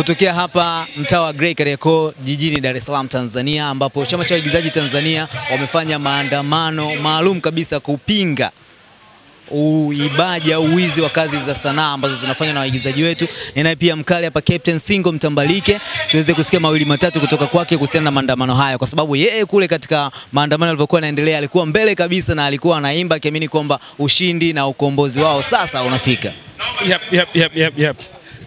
kutokea hapa mtaa wa Grey Kariakoo jijini Dar es Salaam Tanzania, ambapo chama cha waigizaji Tanzania wamefanya maandamano maalum kabisa kupinga uibaji au uwizi wa kazi za sanaa ambazo zinafanywa na waigizaji wetu. Ninaye pia mkali hapa Captain Singo Mtambalike, tuweze kusikia mawili matatu kutoka kwake kuhusiana na maandamano haya, kwa sababu yeye kule katika maandamano yalivyokuwa yanaendelea alikuwa mbele kabisa na alikuwa anaimba akiamini kwamba ushindi na ukombozi wao sasa unafika. Yep, yep, yep, yep, yep.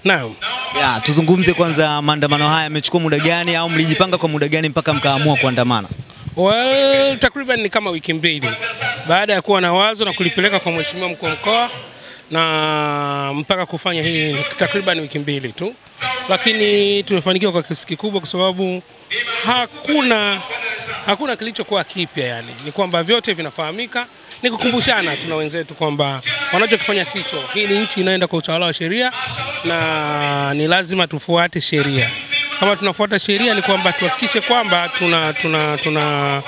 Naam. Ya, tuzungumze kwanza maandamano haya yamechukua muda gani au mlijipanga kwa muda gani mpaka mkaamua kuandamana? Well, takriban ni kama wiki mbili baada ya kuwa na wazo na kulipeleka kwa mheshimiwa mkuu wa mkoa na mpaka kufanya hii takriban wiki mbili tu, lakini tumefanikiwa kwa kiasi kikubwa, kwa sababu hakuna hakuna kilichokuwa kipya, yani ni kwamba vyote vinafahamika ni kukumbushana tuna wenzetu kwamba wanachokifanya sicho. Hii ni nchi inayoenda kwa utawala wa sheria na ni lazima tufuate sheria. Kama tunafuata sheria, ni kwamba tuhakikishe kwamba tuna tuna tuna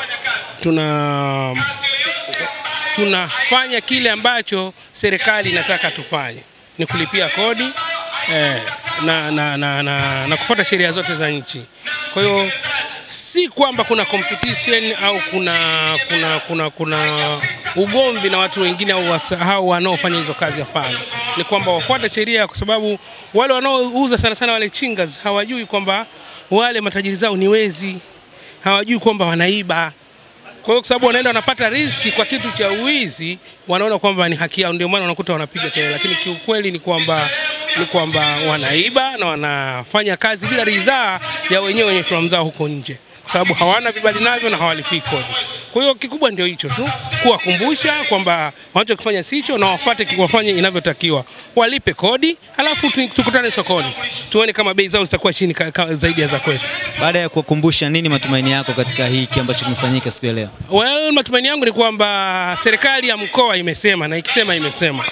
tuna tunafanya kile ambacho serikali inataka tufanye, ni kulipia kodi eh, na, na, na, na, na kufuata sheria zote za nchi. Kwa hiyo si kwamba kuna competition au kuna kuna kuna kuna ugomvi na watu wengine au hao wanaofanya hizo kazi. Hapana, ni kwamba wafuate sheria, kwa sababu wale wanaouza sana sana wale chingas hawajui kwamba wale matajiri zao ni wezi, hawajui kwamba wanaiba. Kwa hiyo kwa sababu wanaenda wanapata riski kwa kitu cha uwizi, wanaona kwamba ni haki yao, ndio maana wanakuta wanapiga kelele, lakini kiukweli ni kwamba ni kwamba wanaiba na wanafanya kazi bila ridhaa ya wenyewe wenye filamu zao huko nje, kwa sababu hawana vibali navyo na hawalipii kodi. Kwa hiyo kikubwa ndio hicho tu, kuwakumbusha kwamba wanachokifanya sicho na wafuate wafanye inavyotakiwa, walipe kodi, alafu tukutane sokoni tuone kama bei zao zitakuwa chini zaidi ya za kwetu. Baada ya kuwakumbusha, nini matumaini yako katika hiki ambacho kimefanyika siku ya leo? Well, matumaini yangu ni kwamba serikali ya mkoa imesema na ikisema imesema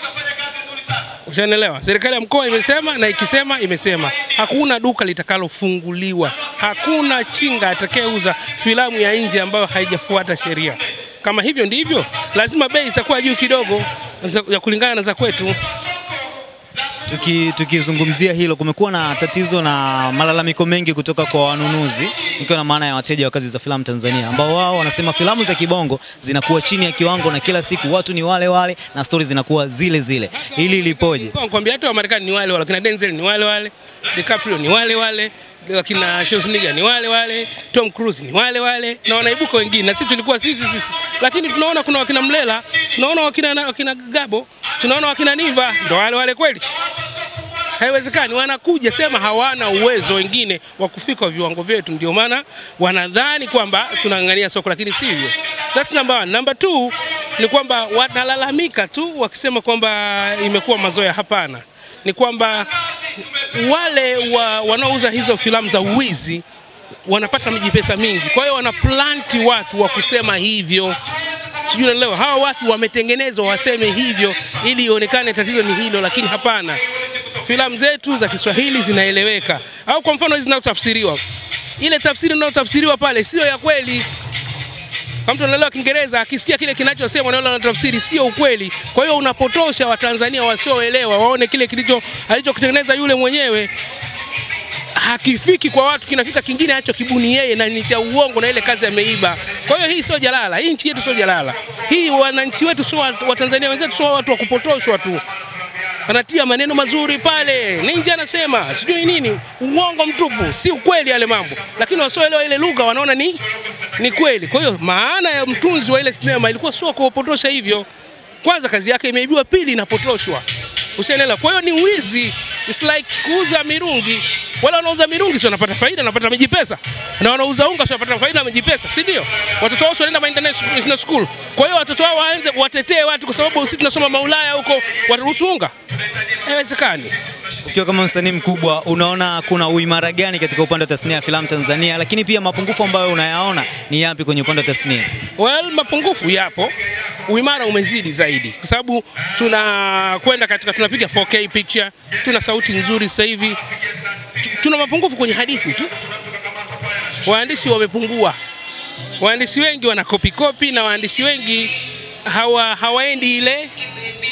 Ushanielewa? Serikali ya mkoa imesema na ikisema imesema, hakuna duka litakalofunguliwa, hakuna chinga atakayeuza filamu ya nje ambayo haijafuata sheria. Kama hivyo ndivyo, lazima bei itakuwa juu kidogo ya kulingana na za kwetu. Tukizungumzia Tuki, hilo, kumekuwa na tatizo na malalamiko mengi kutoka kwa wanunuzi, ikiwa na maana ya wateja wa kazi za filamu Tanzania, ambao wao wanasema filamu za kibongo zinakuwa chini ya kiwango na kila siku watu ni wale wale na stori zinakuwa zile zile. Hili lipoje? Nakwambia hata Wamarekani ni wale wale, kina Denzel ni wale wale, DiCaprio ni wale wale wakina Schwarzenegger ni wale wale, Tom Cruise ni wale wale na wanaibuka wengine, na sisi tulikuwa sisi sisi, lakini tunaona kuna wakina Mlela, tunaona wakina, wakina Gabo, tunaona wakina Niva ndo wale wale kweli haiwezekani. Wanakuja sema hawana uwezo wengine wa kufika viwango vyetu, ndio maana wanadhani kwamba tunaangalia soko, lakini sivyo. That's number one. Number two ni kwamba wanalalamika tu wakisema kwamba imekuwa mazoea. Hapana, ni kwamba wale wa, wanaouza hizo filamu za uwizi wanapata miji pesa mingi, kwa hiyo wanaplanti watu wa kusema hivyo sijui unaelewa. Hawa watu wametengenezwa waseme hivyo ili ionekane tatizo ni hilo, lakini hapana filamu zetu za Kiswahili zinaeleweka, au kwa mfano hizi zinazotafsiriwa, ile tafsiri inayotafsiriwa pale sio ya kweli. Kama mtu anaelewa Kiingereza akisikia kile kinachosemwa na yule anatafsiri sio ukweli. Kwa hiyo unapotosha Watanzania wasioelewa waone kile kilicho alichokitengeneza yule mwenyewe hakifiki kwa watu, kinafika kingine acho kibuni yeye na ni cha uongo na ile kazi ameiba. Kwa hiyo hii sio jalala, hii nchi yetu sio jalala, hii wananchi wetu sio Watanzania wenzetu sio watu wa kupotoshwa tu anatia maneno mazuri pale, ninja anasema sijui nini, uongo mtupu, si ukweli yale mambo, lakini wasioelewa ile lugha wanaona ni ni kweli. Kwa hiyo maana ya mtunzi wa ile sinema ilikuwa sio kuwapotosha hivyo. Kwanza kazi yake imeibiwa, pili inapotoshwa, usielewa. Kwa hiyo ni wizi, it's like kuuza mirungi wala wanauza mirungi sio wanapata faida, wanapata miji pesa. na wanauza unga sio wanapata faida miji pesa, si ndio? Watoto wao wanaenda international school. Kwa hiyo watoto wao waanze watetee watu, kwa sababu sisi tunasoma maulaya huko, wataruhusu unga? Haiwezekani. Ukiwa kama msanii mkubwa, unaona kuna uimara gani katika upande wa tasnia ya filamu Tanzania, lakini pia mapungufu ambayo unayaona ni yapi kwenye upande wa tasnia? Well, mapungufu yapo, uimara umezidi zaidi, kwa sababu tunakwenda katika, tunapiga 4K picture, tuna sauti nzuri sasa hivi, tuna mapungufu kwenye hadithi tu, waandishi wamepungua, waandishi wengi wana kopikopi na waandishi wengi hawa hawaendi ile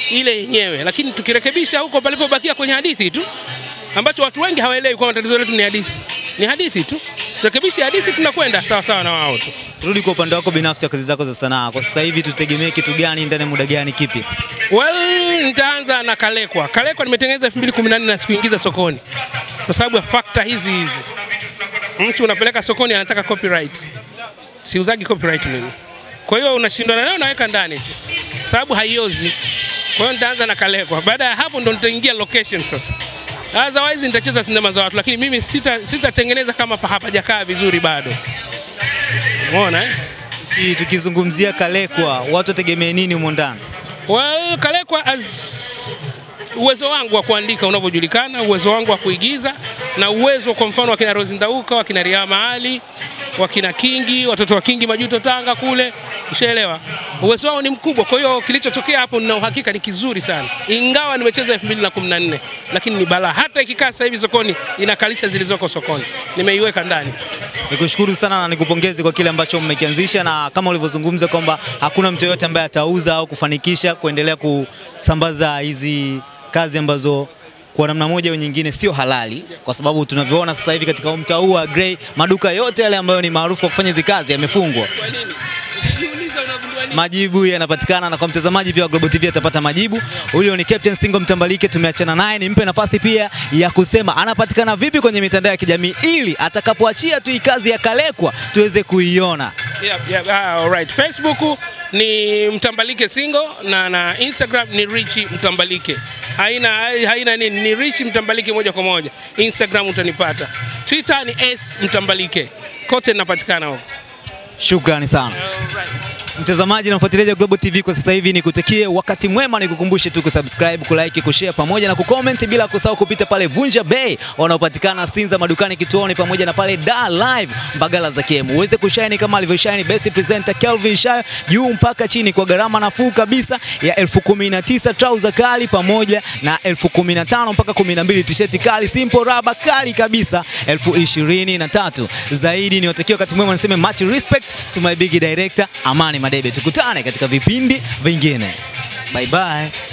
ile yenyewe, lakini tukirekebisha huko palipobakia kwenye hadithi tu, ambacho watu wengi hawaelewi kwamba tatizo letu ni hadithi, ni hadithi tu. Rekebisha hadithi, tunakwenda sawa sawa na wao tu. Turudi kwa upande wako binafsi ya kazi zako za sanaa, kwa sasa hivi tutegemee kitu gani ndani ya muda gani, kipi? Well, nitaanza na Kalekwa. Kalekwa nimetengeneza 2014 na sikuingiza sokoni, kwa sababu ya fakta hizi hizi. Mtu unapeleka sokoni anataka copyright, siuzagi copyright mimi. Kwa hiyo unashindana nayo, naweka ndani tu, sababu haiozi. Kwa hiyo nitaanza na Kalekwa, baada ya hapo ndo nitaingia location sasa. Otherwise nitacheza sinema za watu, lakini mimi sita sitatengeneza kama hapajakaa vizuri bado. Umeona eh? Tukizungumzia Kalekwa, watu wategemee nini humo ndani? Well, Kalekwa as uwezo wangu wa kuandika unavyojulikana, uwezo wangu wa kuigiza na uwezo kwa mfano wakina Rose Ndauka, wakina Riyama Ali, wakina Kingi, watoto wa Kingi Majuto Tanga kule, ushaelewa, uwezo wao ni mkubwa. Kwa hiyo kilichotokea hapo nina uhakika ni kizuri sana, ingawa nimecheza 2014 lakini ni balaa. Hata ikikaa sasa hivi sokoni inakalisha zilizoko sokoni, nimeiweka ndani. Nikushukuru sana na nikupongeze kwa kile ambacho mmekianzisha, na kama ulivyozungumza kwamba hakuna mtu yoyote ambaye atauza au kufanikisha kuendelea kusambaza hizi kazi ambazo kwa namna moja au nyingine sio halali, kwa sababu tunavyoona sasa hivi katika mtaa huu wa Grey, maduka yote yale ambayo ni maarufu kwa kufanya hizi kazi yamefungwa majibu yanapatikana, na kwa mtazamaji pia wa Global TV atapata majibu. Huyo ni Captain Singo Mtambalike, tumeachana naye, nimpe nafasi pia ya kusema anapatikana vipi kwenye mitandao ya kijamii ili atakapoachia tu kazi ya Kalekwa tuweze kuiona. Yeah, yeah, uh, right. Facebook ni Mtambalike Singo na, na Instagram ni Richi Mtambalike haina haina nini, ni Rich Mtambalike moja kwa moja. Instagram utanipata, Twitter ni S Mtambalike, kote napatikana huko. Shukrani sana. All right. Mtazamaji na mfuatiliaji wa Global TV kwa sasa hivi, nikutakie wakati mwema, nikukumbushe tu kusubscribe, kulike, kushare pamoja na kucomment, bila kusahau kupita pale Vunja Bay wanaopatikana Sinza madukani Kituoni pamoja na pale Da Live Mbagala za KM, uweze kushine kama alivyo shine best presenter Kelvin Shayo juu mpaka chini kwa gharama nafuu kabisa ya 1019 trouser kali pamoja na 1015 mpaka 12 t-shirt kali simple raba kali kabisa 2023 zaidi. Niwatakie wakati mwema, niseme much respect to my big director Amani Madi. Madebe. Tukutane katika vipindi vingine. Bye bye.